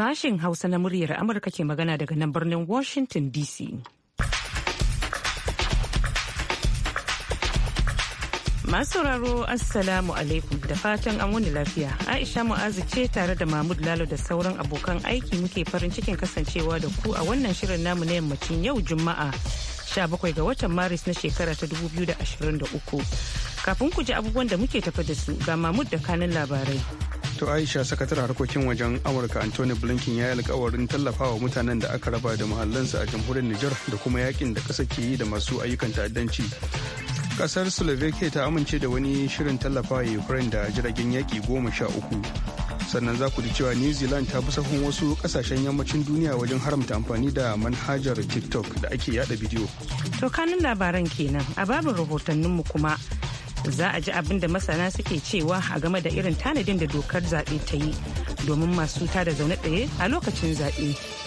Sashen Hausa na muryar Amurka ke magana daga nan birnin Washington DC. Masu sauraro Assalamu alaikum da fatan an wani lafiya. Aisha Mu'azu ce tare da Mahmud Lalo da sauran abokan aiki muke farin cikin kasancewa da ku a wannan shirin namu na yammacin yau Juma'a 17 ga watan Maris na shekara ta 2023. Kafin ku ji abubuwan da muke tafa da su ga Mahmud da kanin labarai. to aisha sakatar harkokin wajen amurka anthony blinken ya yi alkawarin tallafawa mutanen da aka raba da muhallansu a jamhuriyar niger da kuma yakin da kasa ke yi da masu ayyukan ta'addanci kasar slovakia ta amince da wani shirin tallafawa ukraine da jiragen yaƙi goma sha uku sannan za ku ji cewa new zealand ta fi sahun wasu kasashen yammacin duniya wajen haramta amfani da manhajar tiktok da ake yada bidiyo to kanun labaran kenan a babin rahotanninmu kuma za a ji abin da masana suke cewa a game da irin tanadin da dokar zaɓe ta yi domin masu tada zaune tsaye a lokacin zaɓe.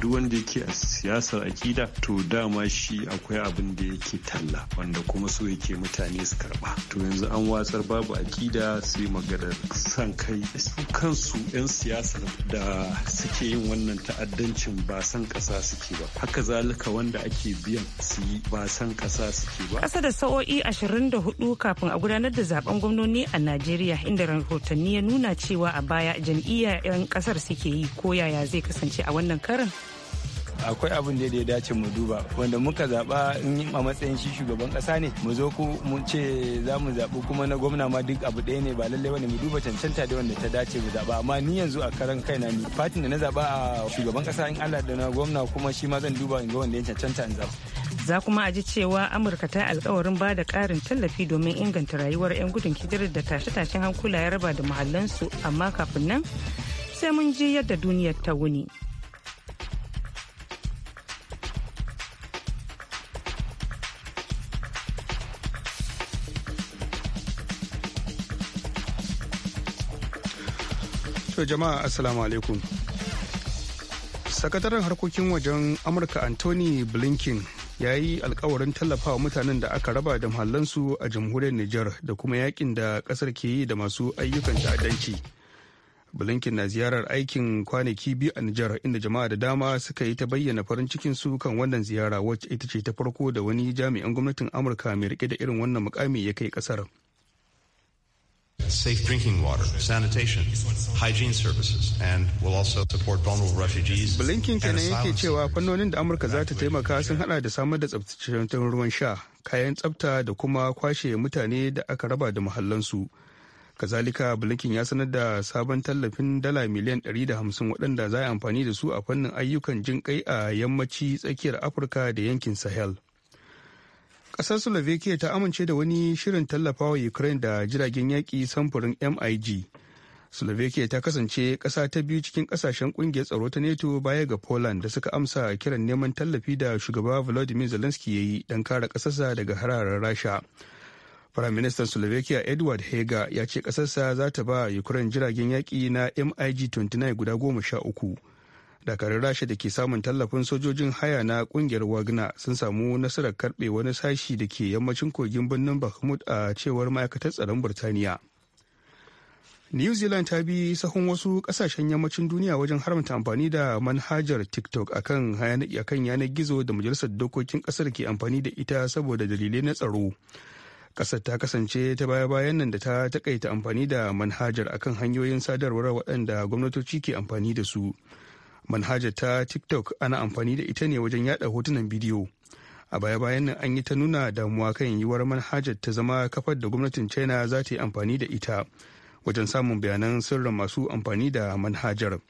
duk wanda yake a siyasar akida to dama shi akwai abin da yake talla wanda kuma so yake mutane su karba to yanzu an watsar babu akida sai maganar san kai su kansu 'yan siyasar da suke yin wannan ta'addancin ba san kasa suke ba haka zalika wanda ake biyan su yi ba san kasa suke ba kasa da sa'o'i 24 kafin a gudanar da zaben gwamnoni a najeriya inda rahotanni ya nuna cewa a baya jam'iyyar 'yan kasar suke yi ko yaya zai kasance a wannan karin akwai abin da ya dace mu duba wanda muka zaba in yi a matsayin shi shugaban kasa ne mu zo ku mu ce za mu zaɓi kuma na gwamna ma duk abu ɗaya ne ba lallai bane mu duba cancanta da wanda ta dace mu zaɓa amma ni yanzu a karan kaina ni fatin da na zaɓa a shugaban kasa in Allah da na gwamna kuma shi ma zan duba in ga wanda ya cancanta in zaɓa. za kuma a ji cewa amurka ta alkawarin ba da karin tallafi domin inganta rayuwar 'yan gudun hijirar da tashe-tashen hankula ya raba da mahallansu amma kafin nan sai mun ji yadda duniyar ta wuni. To jama'a assalamu alaikum. Sakataren harkokin wajen Amurka Anthony Blinken ya yi alkawarin tallafawa mutanen da aka raba da muhallansu a jamhuriyar niger da kuma yakin da kasar ke yi da masu ayyukan ta'addanci. Blinken na ziyarar aikin kwanaki biyu a niger inda jama'a da dama suka yi ta bayyana farin cikin su kan wannan ziyara wacce ita ce ta farko da wani jami'an gwamnatin Amurka mai rike da irin wannan mukami ya kai kasar. safe drinking water, sanitation, hygiene services, and will also support vulnerable refugees. Blinken kenan yake cewa fannonin da Amurka za ta taimaka sun hada da samar da tsabtataccen ruwan sha, kayan tsabta da kuma kwashe mutane da aka raba da muhallansu. Kazalika Blinken ya sanar da sabon tallafin dala miliyan 150 waɗanda za a amfani da su a fannin ayyukan jin kai a yammaci tsakiyar Afirka da yankin Sahel. Ƙasar Slovakia ta amince da wani shirin tallafawa Ukraine da jiragen yaƙi samfurin MIG. Slovakia ta kasance ƙasa ta biyu cikin ƙasashen ƙungiyar tsaro ta NATO baya ga Poland da suka amsa kiran neman tallafi da shugaba Volodymyr Zelensky ya yi don kare ƙasarsa daga hararar Rasha. Prime Minister Slovakia Edward Hega ya ce ƙasarsa za ta ba Ukraine jiragen yaki na MiG-29 guda goma sha uku. dakarun rasha da ke samun tallafin sojojin haya na kungiyar wagner sun samu nasarar karbe wani sashi da ke yammacin kogin birnin bakhmut a cewar ma'aikatar tsaron burtaniya new zealand ta bi sahun wasu kasashen yammacin duniya wajen haramta amfani da manhajar tiktok akan yanar gizo da majalisar dokokin kasar ke amfani da ita saboda dalilai na tsaro kasar ta kasance ta baya-bayan nan da ta takaita amfani da manhajar akan hanyoyin sadarwar waɗanda gwamnatoci ke amfani da su. manhajar ta tiktok ana amfani da ita ne wajen yada hotunan bidiyo a baya-bayan nan an yi ta nuna damuwa kan yiwuwar manhajar ta zama kafar da gwamnatin china za ta yi amfani da ita wajen samun bayanan sirrin masu amfani da manhajar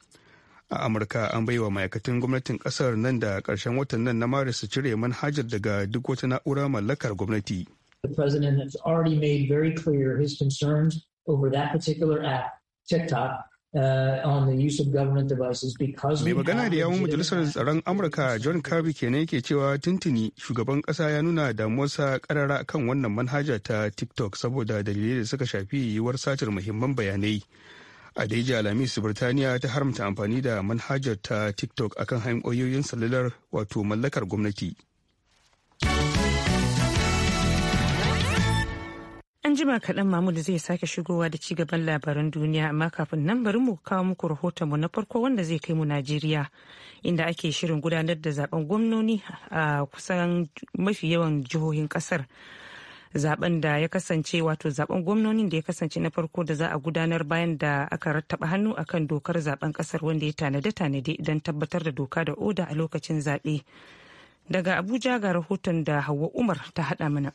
a amurka an bai wa ma'aikatan gwamnatin kasar nan da karshen watan nan na maris su cire manhajar daga duk wata na'ura mallakar gwamnati The president has already made very clear his concerns over that particular app, TikTok, Uh, Mai magana da yawun majalisar tsaron Amurka John Kirby kenan yake cewa tuntuni shugaban kasa ya nuna damuwarsa karara kan wannan manhaja ta TikTok saboda dalilai da suka shafi yiwuwar satar muhimman bayanai. A daiji Alhamis Birtaniya ta haramta amfani da manhajar ta TikTok akan hanyoyin salular wato mallakar gwamnati. An jima kaɗan Mahmud zai sake shigowa da ci gaban labaran duniya amma kafin nan bari mu kawo muku mu na farko wanda zai kai mu Najeriya inda ake shirin gudanar da zaben gwamnoni a kusan mafi yawan jihohin ƙasar. Zaben da ya kasance wato zaben gwamnoni da ya kasance na farko da za a gudanar bayan da aka rattaba hannu akan dokar zaben ƙasar wanda ya tanade-tanade don tabbatar da doka da oda a lokacin zaɓe. Daga Abuja ga rahoton da Hauwa Umar ta haɗa mana.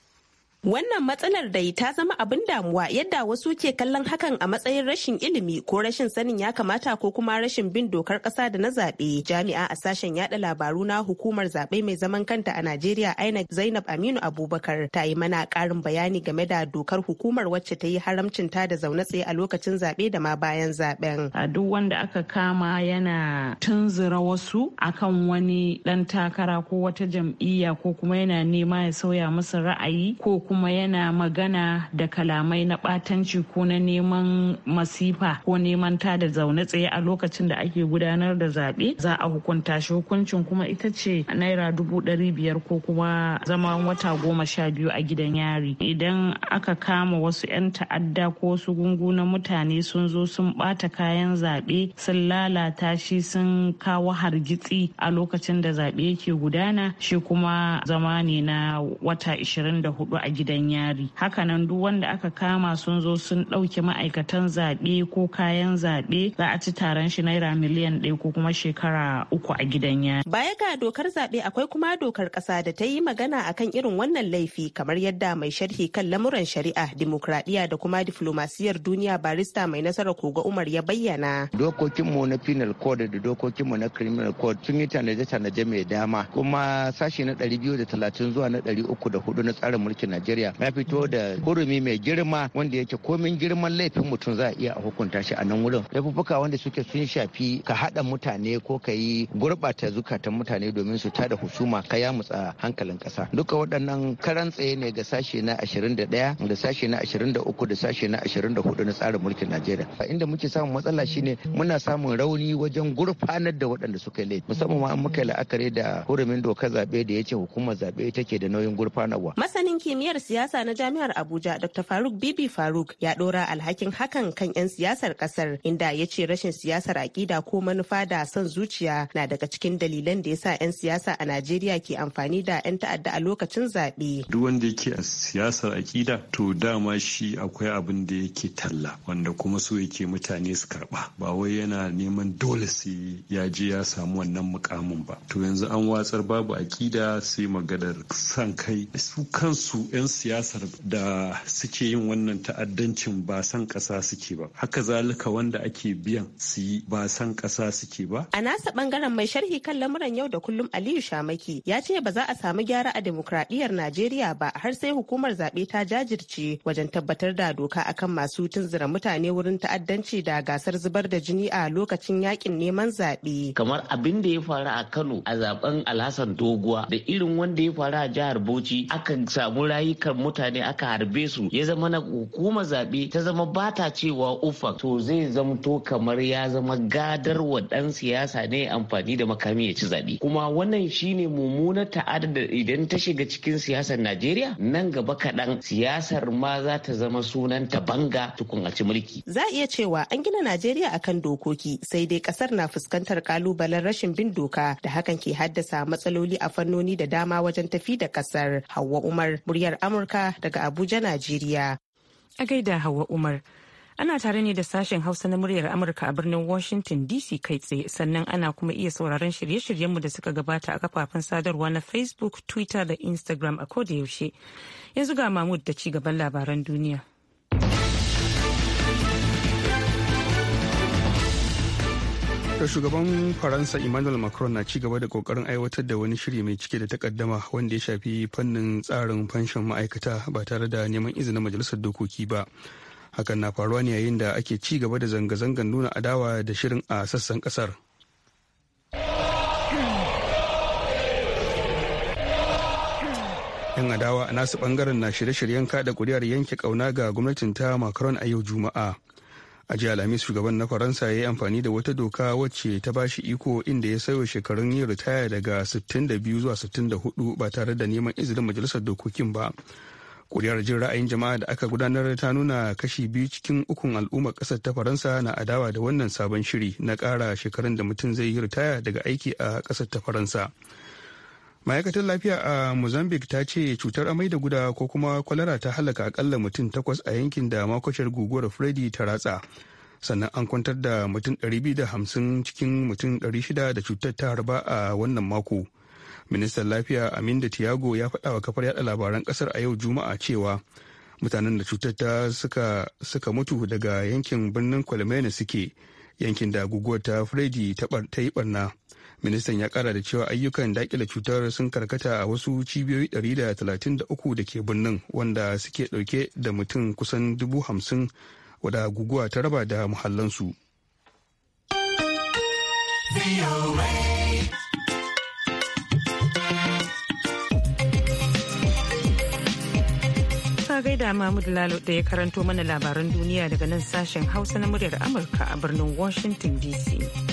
Wannan matsalar dai ta zama abin damuwa yadda wasu ke kallon hakan a matsayin rashin ilimi ko rashin sanin ya kamata ko kuma rashin bin dokar kasa da na zaɓe. Jami'a a sashen yada labaru na hukumar zaɓe mai zaman kanta a Najeriya INEC Zainab Aminu Abubakar ta yi mana ƙarin bayani game da dokar hukumar wacce ta yi haramcin ta da zaune tsaye a lokacin zaɓe da ma bayan zaɓen. A duk wanda aka kama yana tunzura wasu akan wani ɗan takara ko wata jam'iyya ko kuma yana nema ya sauya masa ra'ayi ko kuma yana magana da kalamai na ɓatanci ko na neman masifa ko neman ta da zaune tsaye a lokacin da ake gudanar da zaɓe za a hukunta shi hukuncin kuma ita ce naira dubu ɗari biyar ko kuma zama wata goma sha biyu a gidan yari idan aka kama wasu 'yan ta'adda ko su gungu na mutane sun zo sun ɓata kayan zaɓe sun lalata shi sun kawo hargitsi a lokacin da zaɓe yake gudana shi kuma zama ne na wata 24 a gidan gidan yari hakanan duk wanda aka kama sun zo sun ɗauki ma'aikatan zaɓe ko kayan zaɓe za a ci taron shi naira miliyan ɗaya ko kuma shekara uku a gidan yari. Baya ga dokar zaɓe akwai kuma dokar ƙasa da ta yi magana akan irin wannan laifi kamar yadda mai sharhi kan lamuran shari'a dimokuraɗiyya da kuma diflomasiyar duniya barista mai nasarar koga umar ya bayyana. Dokokinmu na penal code da dokokinmu na criminal code sun yi tanaje-tanaje mai dama kuma sashi na 230 zuwa na 304 na tsarin mulkin Najeriya najeriya ya fito da hurumi mai girma wanda yake komin girman laifin mutum za a iya hukunta shi a nan wurin laifuffuka wanda suke sun shafi ka haɗa mutane ko ka yi gurɓata zukatan mutane domin su tada husuma ka mutsa hankalin ƙasa duka waɗannan karan tsaye ne ga sashe na 21 da sashe na 23 da sashe na 24 na tsarin mulkin najeriya inda muke samun matsala shine muna samun rauni wajen gurfanar da waɗanda suka yi laifi musamman ma an muka la'akari da hurumin dokar zaɓe da ya hukumar zaɓe take da nauyin gurfanarwa masanin kimiyya. jami'ar siyasa na jami'ar Abuja Dr. Faruk Bibi Faruk ya ɗora alhakin hakan kan 'yan siyasar ƙasar inda ya ce rashin siyasar aƙida ko manufa da son zuciya na daga cikin dalilan da yasa 'yan siyasa a Najeriya ke amfani da 'yan ta'adda a lokacin zaɓe. Duk wanda yake a siyasar aƙida to dama shi akwai abin da yake talla wanda kuma so yake mutane su karɓa ba wai yana neman dole sai ya je ya samu wannan mukamin ba. To yanzu an watsar babu aƙida sai maganar san kai su kansu 'yan siyasar da suke yin wannan ta'addancin ba san ƙasa suke ba haka zalika wanda ake biyan su yi ba san ƙasa suke ba a nasa bangaren mai sharhi kan lamuran yau da kullum aliyu shamaki ya ce ba za a samu gyara a demokradiyyar najeriya ba har sai hukumar zaɓe ta jajirce wajen tabbatar da doka akan masu tunzura mutane wurin ta'addanci da gasar zubar da jini a lokacin yakin neman zaɓe kamar abin da ya faru a kano a zaben alhassan doguwa da irin wanda ya faru a jihar bauchi akan samu rayu rayukan mutane aka harbe su ya zama na hukumar zaɓe ta zama bata cewa ufa to zai zamto kamar ya zama gadar wa ɗan siyasa ne amfani da makami ya ci zaɓe kuma wannan shine mummunar ta'ada da idan ta shiga cikin siyasar najeriya nan gaba kaɗan siyasar ma za ta zama sunan ta banga tukun a ci mulki za iya cewa an gina najeriya akan dokoki sai dai ƙasar na fuskantar kalubalen rashin bin doka da hakan ke haddasa matsaloli a fannoni da dama wajen tafi da ƙasar hawa umar muryar Amurka daga Abuja, Najeriya. A gaida Hauwa Umar. Ana tare ne da sashen Hausa na muryar Amurka a birnin Washington DC kai tsaye sannan ana kuma iya sauraron shirye-shiryenmu da suka gabata a kafafen sadarwa na Facebook, Twitter da Instagram a koda yaushe. Yanzu ga Mahmud da ci gaban labaran duniya. To shugaban Faransa Emmanuel Macron na ci gaba da kokarin aiwatar da wani shiri mai cike da takaddama wanda ya shafi fannin tsarin fanshon ma'aikata ba tare da neman izinin majalisar dokoki ba. Hakan na faruwa ne yayin da ake ci gaba da zanga-zangar nuna adawa da shirin a sassan kasar. Yan adawa a nasu bangaren na shirye-shiryen kada kuri'ar yanke kauna ga gwamnatin ta Macron a yau Juma'a. a jiya alhamis shugaban na faransa ya yi amfani da wata doka wacce ta ba shi iko inda ya sauya shekarun yin ritaya daga 62 zuwa 64 ba tare da neman izinin majalisar dokokin ba kuriyar jin ra'ayin jama'a da aka gudanar ta nuna kashi biyu cikin ukun al'ummar kasar ta faransa na adawa da wannan sabon shiri na kara shekarun da mutum zai yi ritaya daga aiki a kasar ta faransa ma'aikatar lafiya a mozambique ta ce cutar amai da guda ko kuma kwalara ta halaka akalla mutum takwas a yankin da makwacin guguwar freddy ta ratsa sannan an kwantar da mutum 250 cikin mutum 600 da cutar ta harba a wannan mako ministan lafiya amin da tiago ya faɗa wa kafar yada labaran ƙasar a yau juma'a cewa mutanen da cutar ta suka, mutu daga yankin birnin kwalmena suke yankin da guguwar ta freddy ta yi barna ministan ya kara da cewa ayyukan dakile cutar sun karkata a wasu cibiyoyi 133 da ke birnin wanda suke dauke da mutum kusan dubu hamsin wada guguwa ta raba da muhallansu. Ka gaida Mahmud Lalo da ya karanto mana labaran duniya daga nan sashen Hausa na muryar Amurka a birnin Washington DC.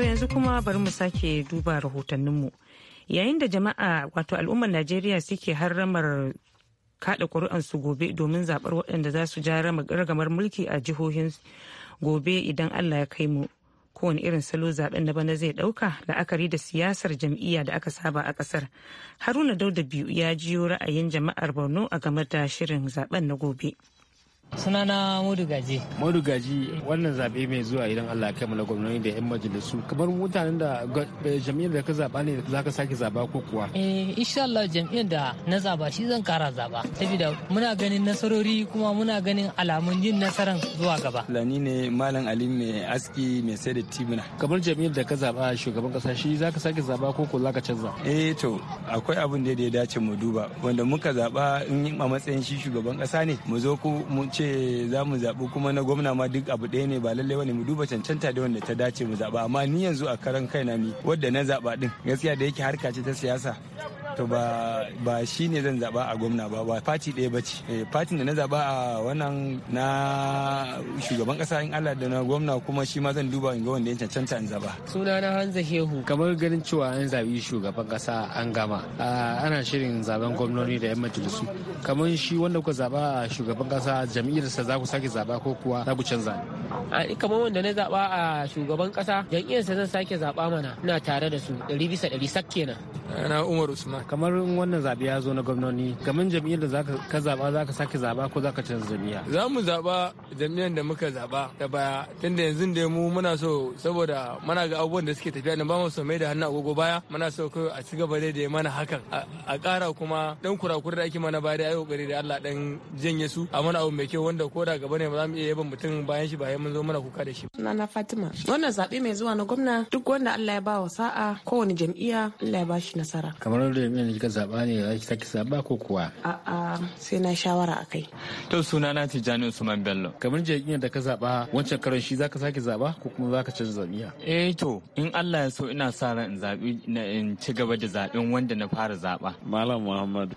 To yanzu kuma bari mu sake duba rahotanninmu. Yayin da jama'a wato al'ummar Najeriya suke harramar kada su gobe domin zaɓar waɗanda za su ja ragamar mulki a jihohin gobe idan Allah ya kai mu. Kowane irin salo zaben na bana zai ɗauka la'akari da siyasar jam'iyya da aka saba a ƙasar. Haruna Dauda biyu ya jiyo ra'ayin jama'ar Borno a game da shirin zaben na gobe. sunana modu gaji modu gaji wannan zabe mai zuwa idan allah kai na gwamnati da yan majalisu kamar mutanen da jam'iyyar da ka zaba ne za ka sake zaba ko kuwa eh insha allah jam'iyyar da na zaba shi zan kara zaba saboda muna ganin nasarori kuma muna ganin alamun yin nasaran zuwa gaba lani ne malam ali mai aski mai sai da timina kamar jam'iyyar da ka zaba shugaban kasa shi za ka sake zaba ko ko za ka canza eh to akwai abin da ya dace mu duba wanda muka zaba in a matsayin shi shugaban kasa ne mu zo ku mu ci ce za mu zaɓi kuma na gwamna ma duk abu ɗaya ne ba lallai wani mu duba cancanta da wanda ta dace mu zaɓa amma ni yanzu a karan kaina ni wadda na zaɓa ɗin gaskiya da yake harka ce ta siyasa to ba ba shine zan zaba a gwamna ba ba fati ɗaya bace fati eh, da na zaba a wannan na shugaban kasa in Allah da na gwamna kuma shi ma zan duba in ga wanda ya cancanta in zaba suna na Hanza Hehu kamar ganin cewa an zabi shugaban kasa an gama ana shirin zaben gwamnoni da yan majalisu kamar shi wanda kuka zaba a shugaban kasa sa za ku sake zaba ko kuwa za ku canza kamar wanda na zaba a shugaban kasa sa zan sake zaba mana ina tare da su 100 bisa 100 sak kenan na Umar Usman kamar wannan zaɓe ya zo na gwamnoni gamin jam'iyyar da ka zaɓa za ka sake zaɓa ko za ka canza jam'iyya. za mu zaɓa jam'iyyar da muka zaɓa da baya tunda yanzu da mu muna so saboda muna ga abubuwan da suke tafiya na ba mu so mai da hannu agogo baya muna so kai a ci gaba dai da mana hakan a ƙara kuma dan kurakuri da ake mana baya da ayyuka da Allah dan janye su a mana abu mai kyau wanda ko da gaba ne ba za mu iya yaban mutum bayan shi bayan mun zo mana kuka da shi. Nana Fatima wannan zaɓe mai zuwa na gwamna duk wanda Allah ya ba wa sa'a kowane jam'iyya Allah ya ba shi nasara. Kamar da nan kika zaba ne za ki saki zaba ko kuwa a'a sai na shawara akai to suna na Tijjani Usman Bello kamar jam'iyyar da ka zaba wancan karon shi zaka saki zaba ko kuma zaka canza jam'iyya eh to in Allah ya so ina sa ran in zabi na in ci gaba da zaben wanda na fara zaba Malam Muhammad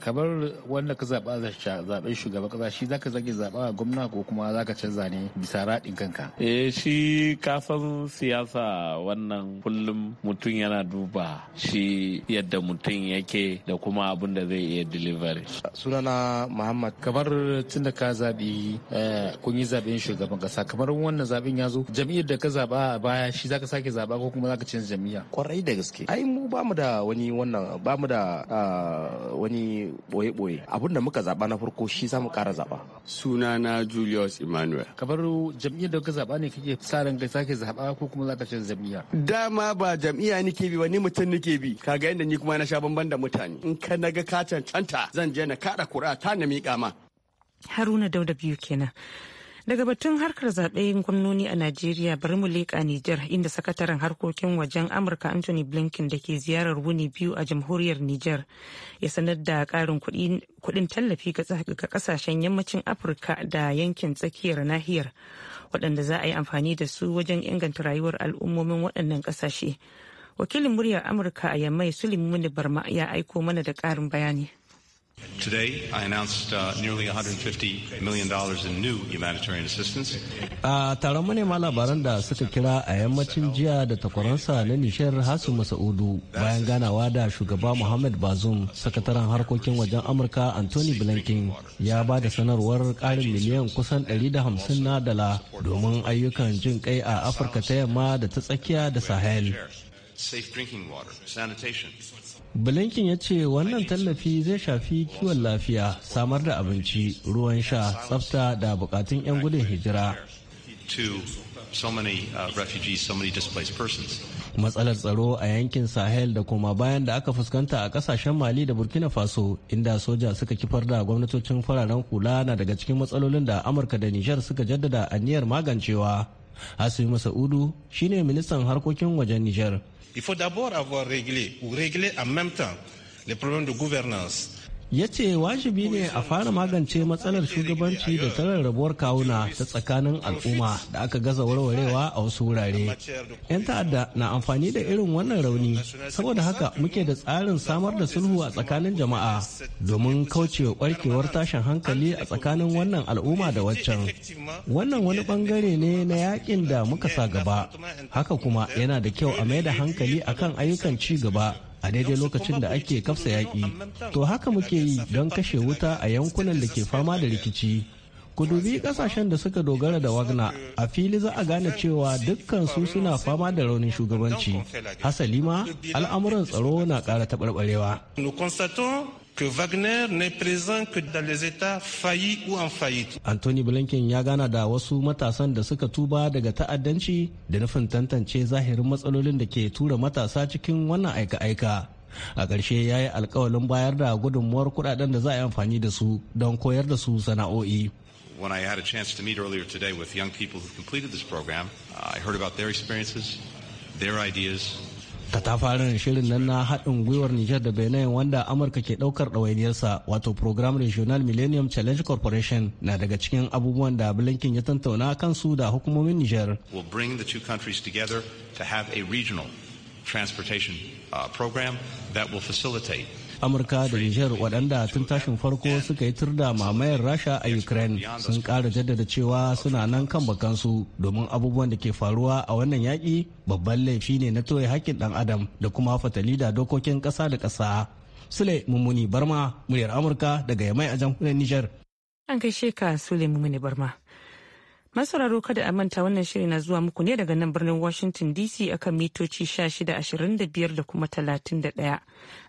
kamar wanda ka zaba zaben shugaban kasa shi zaka zage zaba gwamna ko kuma zaka canza ne bisa radin kanka eh shi kasan siyasa wannan kullum mutum yana duba shi yadda mutum abin yake da kuma abin da zai iya delivery. sunana muhammad kamar da ka zaɓi eh, kun yi zaɓen shugaban kasa kamar wannan zaɓen ya zo jam'iyyar da ka zaɓa a baya shi zaka sake zaɓa ko kuma zaka canza jam'iyya kwarai da gaske ai mu ba mu da wani wannan ba mu da ah, wani boye-boye abin da muka zaɓa na farko shi za mu ƙara zaɓa sunana julius emmanuel kamar jam'iyyar da ka zaɓa ne kake sa ran ka sake zaɓa ko kuma zaka canza jam'iyya dama ba jam'iyya nake bi wani mutum nake bi kaga yadda ni kuma na sha bambam da mutane in ka naga ka cancanta zan je na kada kura ta na miƙa ma haruna dauda biyu kenan daga batun harkar zaɓen gwamnoni a najeriya bari mu leƙa nijar inda sakataren harkokin wajen amurka anthony blinken da ke ziyarar wuni biyu a jamhuriyar nijar ya sanar da ƙarin kuɗin tallafi ga ƙasashen yammacin afirka da yankin tsakiyar nahiyar waɗanda za a yi amfani da su wajen inganta rayuwar al'ummomin waɗannan ƙasashe wakilin muryar amurka a yammai sulimuni barma ya aiko mana da karin bayani Today, I announced uh, nearly $150 million in new humanitarian assistance. A taron manema labaran da suka kira a yammacin jiya da takwaransa na nishiyar Hasu Masa'udu bayan ganawa da shugaba Muhammad Bazoum, sakataren harkokin wajen Amurka Anthony Blinken ya ba da sanarwar karin miliyan kusan 150 na dala domin ayyukan jin kai a Afirka ta yamma da ta tsakiya da Sahel. safe drinking water, sanitation. Blinken ya ce wannan tallafi zai shafi kiwon lafiya, samar da abinci, ruwan sha, tsafta da bukatun 'yan gudun hijira. Uh, Matsalar tsaro a yankin Sahel da kuma bayan da aka fuskanta a kasashen Mali da Burkina Faso inda soja suka kifar da gwamnatocin fararen kula na daga cikin matsalolin da Amurka da Nijar suka jaddada aniyar magancewa. Asimi Masa'udu shine ministan harkokin wajen Nijar. Il faut d'abord avoir réglé ou régler, en même temps les problèmes de gouvernance, ya ce wajibi ne a fara magance matsalar shugabanci da tarar rabuwar kawuna ta tsakanin al'umma da aka gaza warwarewa a wasu wurare 'yan ta'adda na amfani da irin wannan rauni saboda haka muke da tsarin samar da sulhu a tsakanin jama'a domin kaucewa barkewar tashin hankali a tsakanin wannan al'umma da waccan wannan wani bangare ne na yakin da muka sa gaba haka kuma yana da kyau a mai da hankali akan ayyukan ci gaba a daidai lokacin da ake kafsa yaƙi to haka muke yi don kashe wuta a yankunan da ke fama da rikici ku dubi kasashen da suka dogara da wagna a fili za a gane cewa dukkan su suna fama da raunin shugabanci hasali ma al'amuran tsaro na ƙara taɓarɓarewa que Wagner n'est présent que dans les États faillis ou en faillite. Anthony Blinken ya gana da wasu matasan da suka tuba daga ta'addanci da nufin tantance zahirin matsalolin da ke tura matasa cikin wannan aika-aika. A ƙarshe ya yi alkawalin bayar da gudunmuwar kudaden da za a yi amfani da su don koyar da su sana'o'i. When I had a chance to meet earlier today with young people who completed this program, uh, I heard about their experiences, their ideas, katafarin shirin nan na haɗin gwiwar niger da benin wanda amurka ke ɗaukar ɗawainiyarsa wato program regional millennium challenge corporation na daga cikin abubuwan da blinken ya tantauna kansu da hukumomin niger. will bring the two countries together to have a regional transportation uh, program that will facilitate amurka da nijar waɗanda tun tashin farko suka yi turda mamayar rasha a ukraine sun ƙara jaddada cewa suna nan kan bakansu domin abubuwan da ke faruwa a wannan yaƙi babban laifi ne na toye haƙƙin ɗan adam da kuma fatali da dokokin ƙasa da ƙasa sule mummuni barma muryar amurka daga yamai a jamhuriyar niger an kai sheka sule mummuni barma Masauraro kada a manta wannan shiri na zuwa muku ne daga nan birnin Washington DC akan mitoci 1625 da kuma 31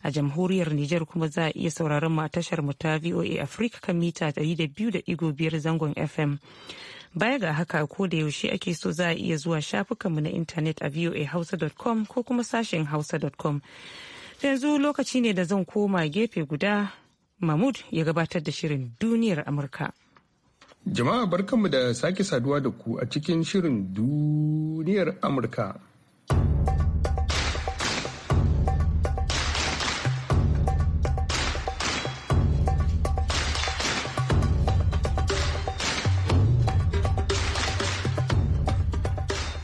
a jamhuriyar Nijar kuma za a iya sauraron mu a tashar mu ta VOA Africa kan mita 200.5 zangon FM. Baya ga haka ko da yaushe ake so za a iya zuwa shafukanmu na intanet a voahausa.com ko kuma sashen hausa.com. Yanzu lokaci ne da zan koma gefe guda Mahmud ya gabatar da shirin duniyar Amurka. Jama'a barkanmu da sake saduwa da ku a cikin shirin duniyar Amurka.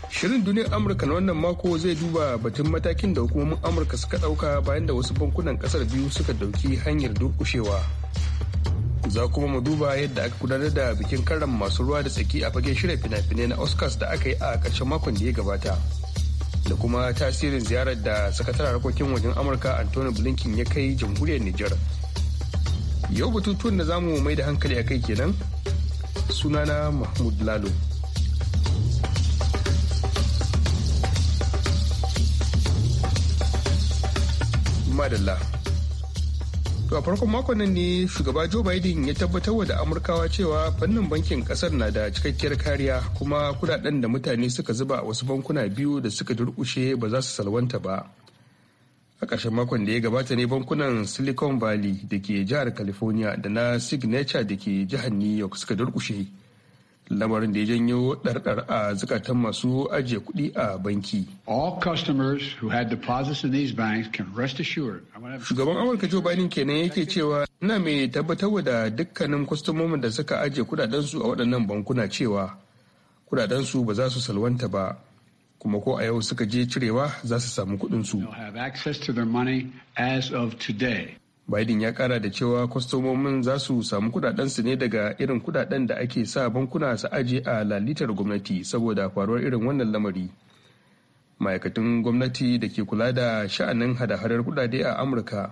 Shirin duniyar Amurka na wannan mako zai duba batun matakin da hukumomin Amurka suka ɗauka bayan da wasu bankunan ƙasar biyu suka ɗauki hanyar durƙushewa. za kuma mu duba yadda aka gudanar da bikin karan masu ruwa da tsaki a fagen shirya fina-finai na oscars da aka yi a ƙarshen makon da ya gabata da kuma tasirin ziyarar da sakataren harkokin wajen amurka anthony blinken ya kai jamhuriyar niger yau batutuwan da zamu mai da hankali a kai kenan sunana mahmud lalo madalla To a farkon makon nan ne shugaba Joe Biden ya tabbatar da Amurkawa cewa fannin bankin kasar na da cikakkiyar kariya kuma kudaden da mutane suka zuba a wasu bankuna biyu da suka durkushe ba za su salwanta ba. A ƙarshen makon da ya gabata ne bankunan Silicon Valley da ke jihar California da na Signature da ke jihar New York suka durkushe. lamarin da ya janyo ɗarɗar a zukatan masu ajiye kuɗi a banki. Shugaban Amurka Joe Biden kenan yake cewa ina mai tabbatar da dukkanin kwastomomin da suka ajiye kudadensu a waɗannan bankuna cewa kudadensu ba za su salwanta ba kuma ko a yau suka je cirewa za su samu kuɗinsu. Biden ya kara da cewa kwastomomin za su samu kudadensu ne daga irin kudaden da ake sa bankuna su aje a lalitar gwamnati saboda faruwar irin wannan lamari. Ma'aikatan gwamnati da ke kula da sha'anin hada-hadar kudade a Amurka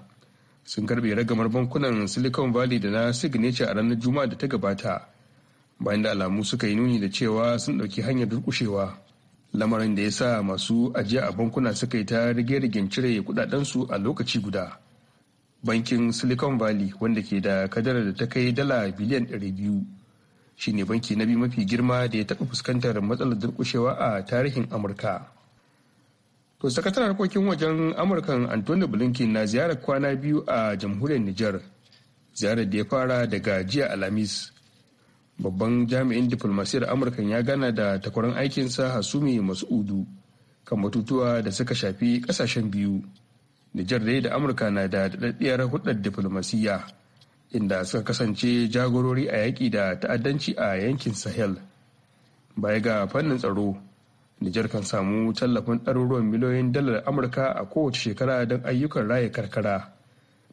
sun karbe ragamar bankunan Silicon Valley da na Signature a ranar Juma'a da ta gabata. Bayan da alamu suka yi nuni da cewa sun ɗauki hanyar durƙushewa. Lamarin da ya sa masu ajiya a bankuna suka yi ta rige-rigen cire kudadensu a lokaci guda. bankin silicon valley wanda ke da kadarar da ta kai dala biliyan 200 shine banki na biyu mafi girma da ya taɓa fuskantar matsalar durkushewa a tarihin amurka to sakataren harkokin wajen amurkan antony blinken na ziyarar kwana biyu a jamhuriyar niger ziyarar da ya fara daga jiya alhamis babban jami'in diplomasiyar amurkan ya gana da takwaran aikinsa hasumi udu kan batutuwa da suka shafi kasashen biyu Nijar dai da Amurka na da daɗaɗɗiyar hudar diflomasiyya inda suka kasance jagorori a yaƙi da ta'addanci a yankin Sahel. Baya ga fannin tsaro, Nijar kan samu tallafin ɗaruruwan miliyoyin dalar Amurka a kowace shekara don ayyukan raya karkara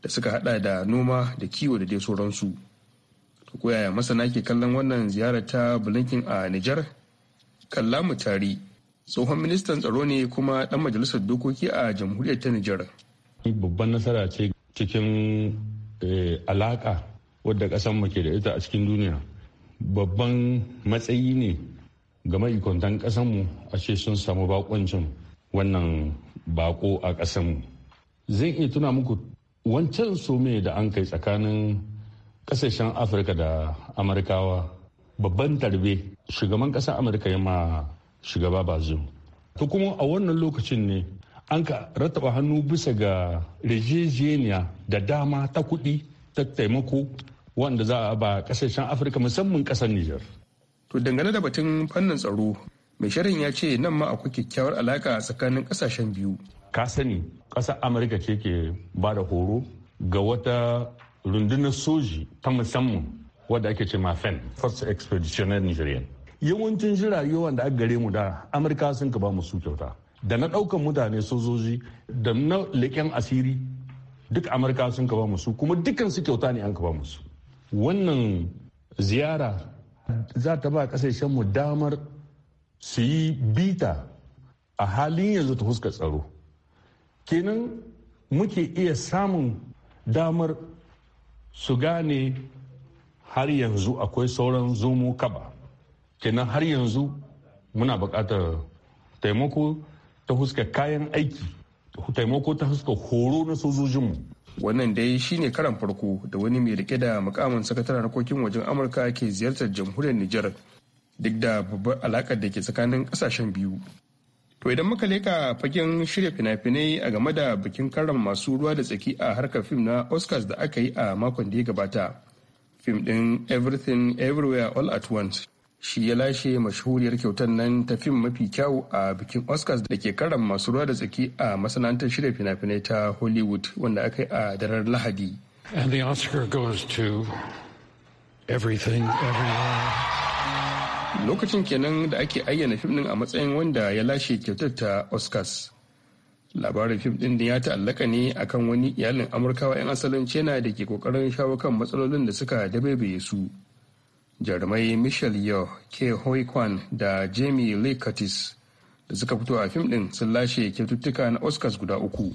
da suka haɗa da noma da kiwo da dai sauransu. Koyaya masana ke kallon wannan ziyarar ta Blinken a Nijar? Kalla mu tari, tsohon ministan tsaro ne kuma ɗan majalisar dokoki a jamhuriyar ta Nijar. babban nasara ce cikin eh, alaka wadda ƙasanmu ke da ita a cikin duniya babban matsayi ne ga ma'aikatan ƙasanmu a ce sun samu bakoncin wannan baƙo a ƙasanmu zai iya tuna muku wancan me da an kai tsakanin ƙasashen afirka da amurkawa babban tarbe shugaban ƙasar amurka ya ma shugaba bazum ta kuma a wannan lokacin ne an ka rattaba hannu bisa ga rejejeniya da dama ta kuɗi ta taimako wanda za a ba kasashen afirka musamman ƙasar Nijar. to dangane da batun fannin tsaro mai shirin ya ce nan ma akwai kyakkyawar alaka tsakanin ƙasashen biyu ka sani ƙasar amurka ce ke ba da horo ga wata rundunar soji ta musamman wadda ake ce mafen first expeditionary nigerian yawancin jirage wanda aka gare mu da amurka sun ka ba mu su kyauta da na ɗaukan mutane sojoji da na leƙen asiri duk amurka sun kaba musu kuma dukkan su kyauta ne an kaba musu wannan ziyara za ta ba mu damar su yi bita a halin yanzu ta huskar tsaro kenan muke iya samun damar su gane har yanzu akwai sauran zomo kaba kenan har yanzu muna buƙatar taimako ta huska kayan aiki taimako ta huska horo na sojojinmu wannan dai shine karan farko da wani mai rike da mukamin sakataren harkokin wajen amurka ke ziyartar jamhuriyar nijar duk da babbar alakar da ke tsakanin kasashen biyu to idan muka leka fagen shirya fina-finai a game da bikin karan masu ruwa da tsaki a harkar fim na oscars da aka yi a makon da ya gabata fim din everything everywhere all at once shi ya lashe mashahuriyar kyautar nan ta fim mafi kyau a bikin oscars da ke karan masu ruwa da tsaki a masana'antar shirya fina-finai ta hollywood wanda aka yi a daren lahadi and the oscar lokacin kenan da ake ayyana fim din a matsayin wanda ya lashe kyautar ta oscars labarin fim din ya ta'allaka ne akan wani iyalin amurkawa 'yan asalin china da ke kokarin shawo kan matsalolin da suka dabaibaye su jarumai michel yeoh ke hoi da jamie lee curtis da suka fito a fim din sun lashe kyaututtuka na oscars guda uku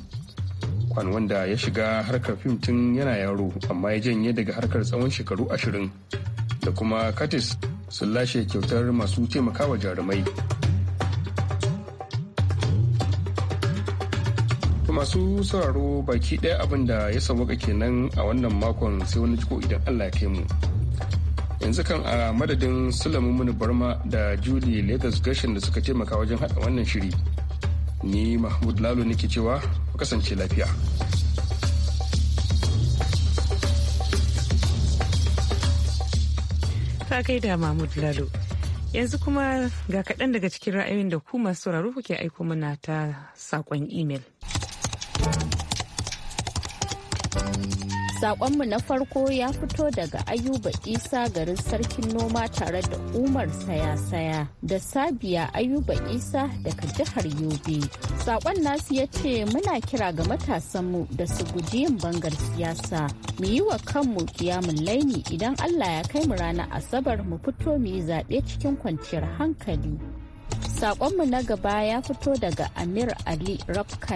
kwan wanda ya shiga harkar fim tun yana yaro amma ya janye daga harkar tsawon shekaru ashirin da kuma curtis sun lashe kyautar masu taimakawa jarumai masu sauraro baki ɗaya abin da ya sauwaka kenan a wannan makon sai wani jiko idan allah ya kai mu yanzu kan a madadin sulamun barma da julie lagos gashin da suka taimaka wajen hada wannan shiri ni mahmud lalo nake cewa kasance lafiya ta gaida mahmud lalo yanzu kuma ga kaɗan daga cikin ra'ayoyin da ku masu sauraro kuke aiko mana ta saƙon imel. Sakonmu na farko ya fito daga Ayuba Isa garin sarkin noma tare da Umar Saya-saya da Sabiya Ayuba Isa daga jihar Yobe. Sakon nasu ya ce muna kira ga matasanmu da su guji yin bangar siyasa. Mu yi wa kanmu kiyamun laini idan Allah ya kai mu ranar Asabar mu fito mu yi zaɓe cikin kwanciyar hankali. Sakonmu na gaba ya fito daga Amir Ali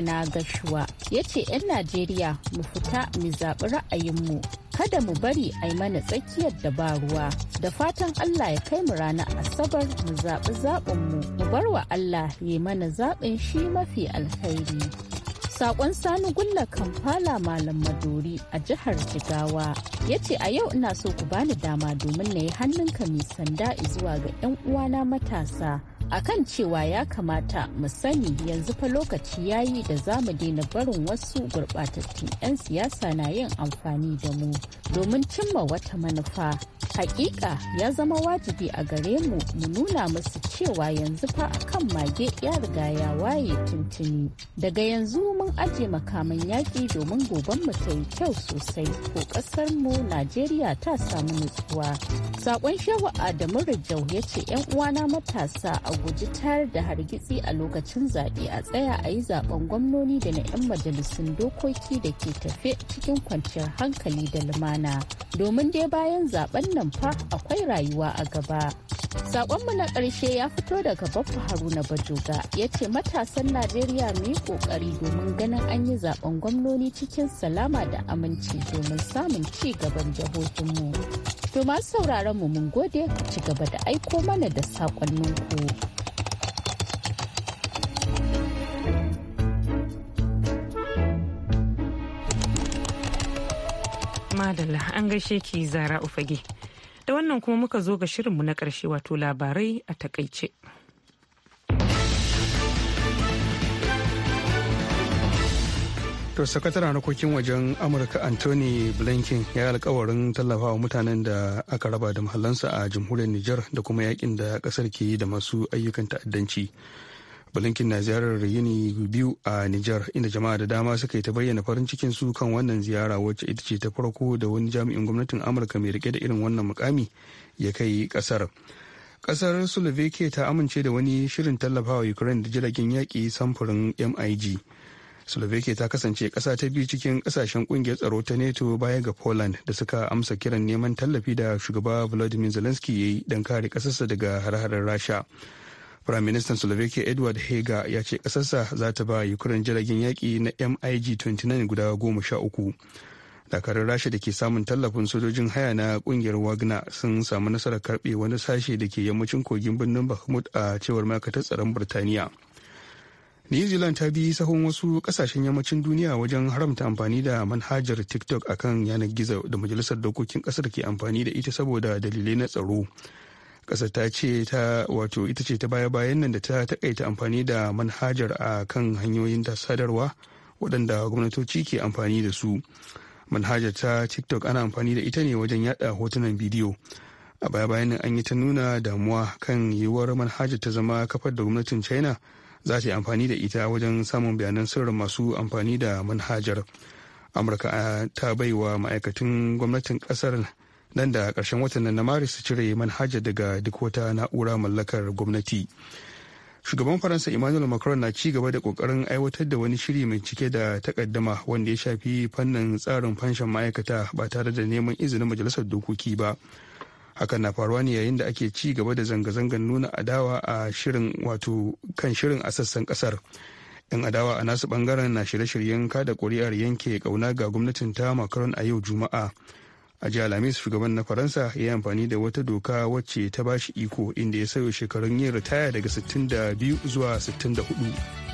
na Gashuwa ya ce 'yan Najeriya mu fita mu zaɓi ra'ayinmu kada mu bari a yi mana tsakiyar dabaruwa da fatan Allah ya kai mu ranar asabar mu zaɓi zaɓinmu mu bar wa Allah ya mana zaɓin shi mafi alkhairi. sakon sani gulla kamfala malam maduri a jihar jigawa ya ce a yau ina so ku bani dama domin na yi hannunka mai sanda zuwa ga 'yan uwana matasa akan cewa ya kamata mu sani yanzu fa lokaci ya yi da za mu daina barin wasu gurɓatattun 'yan siyasa na yin amfani da mu domin cimma wata manufa hakika ya zama wajibi a gare mu mu nuna musu cewa yanzu fa akan mage ya riga ya waye tuntuni daga yanzu mun aje makaman yaƙi domin goben mu ta yi kyau sosai ko ƙasar mu najeriya ta samu nutsuwa saƙon shehu adamu rijau ya ce 'yan uwana matasa a guji tayar da hargitsi a lokacin zaɓe a tsaya a yi zaɓen gwamnoni da na 'yan majalisun dokoki da ke tafe cikin kwanciyar hankali da lumana domin dai bayan zaɓen nan fa akwai rayuwa a gaba saƙonmu na ƙarshe ya fito daga Baffa Haruna Bajoga ya ce matasan Najeriya mu yi ƙoƙari domin ganin an yi zaɓen gwamnoni cikin salama da aminci domin samun ci gaban jihohinmu. To masu sauraron mu mun gode ku ci gaba da aiko mana da saƙonninku. madalla an gaishe ki zara ufage da wannan kuma muka zo ga shirinmu na karshe wato labarai a takaice. To sakataren harkokin wajen Amurka Anthony Blinken ya yi alkawarin tallafa wa mutanen da aka raba da mahallansa a jamhuriyar niger da kuma yakin da kasar ke yi da masu ayyukan ta'addanci. Blinken na ziyarar yini biyu a Nijar inda jama'a da dama suka yi ta bayyana farin cikin su kan wannan ziyara wacce ita ce ta farko da wani jami'in gwamnatin Amurka mai rike da irin wannan mukami ya kai kasar. Kasar Slovakia ta amince da wani shirin tallafawa Ukraine da jiragen yaƙi samfurin MIG. Slovakia ta kasance kasa ta biyu cikin ƙasashen ƙungiyar tsaro ta NATO baya ga Poland da suka amsa kiran neman tallafi da shugaba Volodymyr Zelensky ya yi don kare ƙasarsa daga har-harar Rasha. Firaministan Slovakia Edward Hega ya ce ƙasarsa za ta ba Ukraine jiragen yaki na MiG-29 guda goma sha uku. Dakarun Rasha da ke samun tallafin sojojin haya na ƙungiyar Wagner sun samu nasarar karɓe wani sashe da ke yammacin kogin birnin Bakhmut a cewar ma'aikatar tsaron Birtaniya. New Zealand ta bi sahun wasu kasashen yammacin duniya wajen haramta amfani da manhajar TikTok akan yanar gizo da majalisar dokokin kasar ke amfani da ita saboda dalilai na tsaro. ƙasar ta ce ta wato ita ce ta baya-bayan nan da ta takaita amfani da manhajar a kan hanyoyin ta sadarwa waɗanda gwamnatoci ke amfani da su manhajar ta tiktok ana amfani da ita ne wajen yada hotunan bidiyo a baya-bayan nan an yi ta nuna damuwa kan yiwuwar manhajar ta zama kafar da gwamnatin china za ta yi amfani da ita wajen samun bayanan sirrin masu amfani da manhajar amurka ta baiwa ma'aikatan gwamnatin ƙasar nan da ƙarshen watan nan na maris su cire manhaja daga duk wata na'ura mallakar gwamnati shugaban faransa emmanuel macron na ci gaba da kokarin aiwatar da wani shiri mai cike da takaddama wanda ya shafi fannin tsarin fanshan ma'aikata ba tare da neman izinin majalisar dokoki ba hakan na faruwa ne yayin da ake ci gaba da zanga-zangar nuna adawa a shirin wato kan shirin a sassan kasar yan adawa a nasu bangaren na shirye-shiryen kada kuri'ar yanke kauna ga gwamnatin ta macron a yau juma'a a jihar alhamis shugaban na faransa ya yi amfani da wata doka wacce ta ba shi iko inda ya sayo shekarun yin ritaya daga 62 zuwa 64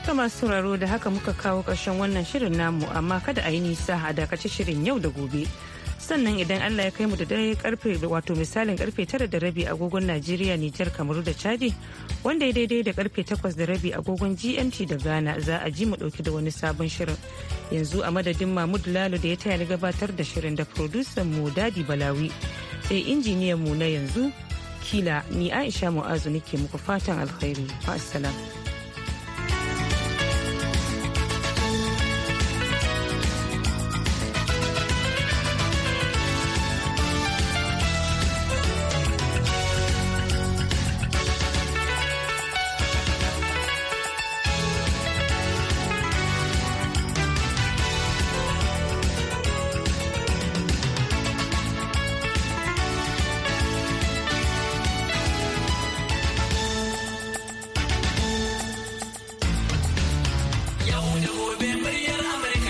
ta masu sauraro da haka muka kawo ƙarshen wannan shirin namu amma kada a yi nisa a dakaci shirin yau da gobe sannan idan allah ya kai mu da dare karfe wato misalin karfe tara da rabi agogon najeriya nijar kamaru da chadi wanda ya daidai da karfe takwas da rabi agogon gmt da ghana za a ji mu dauki da wani sabon shirin yanzu a madadin mahmud lalo da ya taya ni gabatar da shirin da producer mu dadi balawi sai injiniyan mu na yanzu kila ni aisha mu'azu nake muku fatan alkhairi ma'assalam.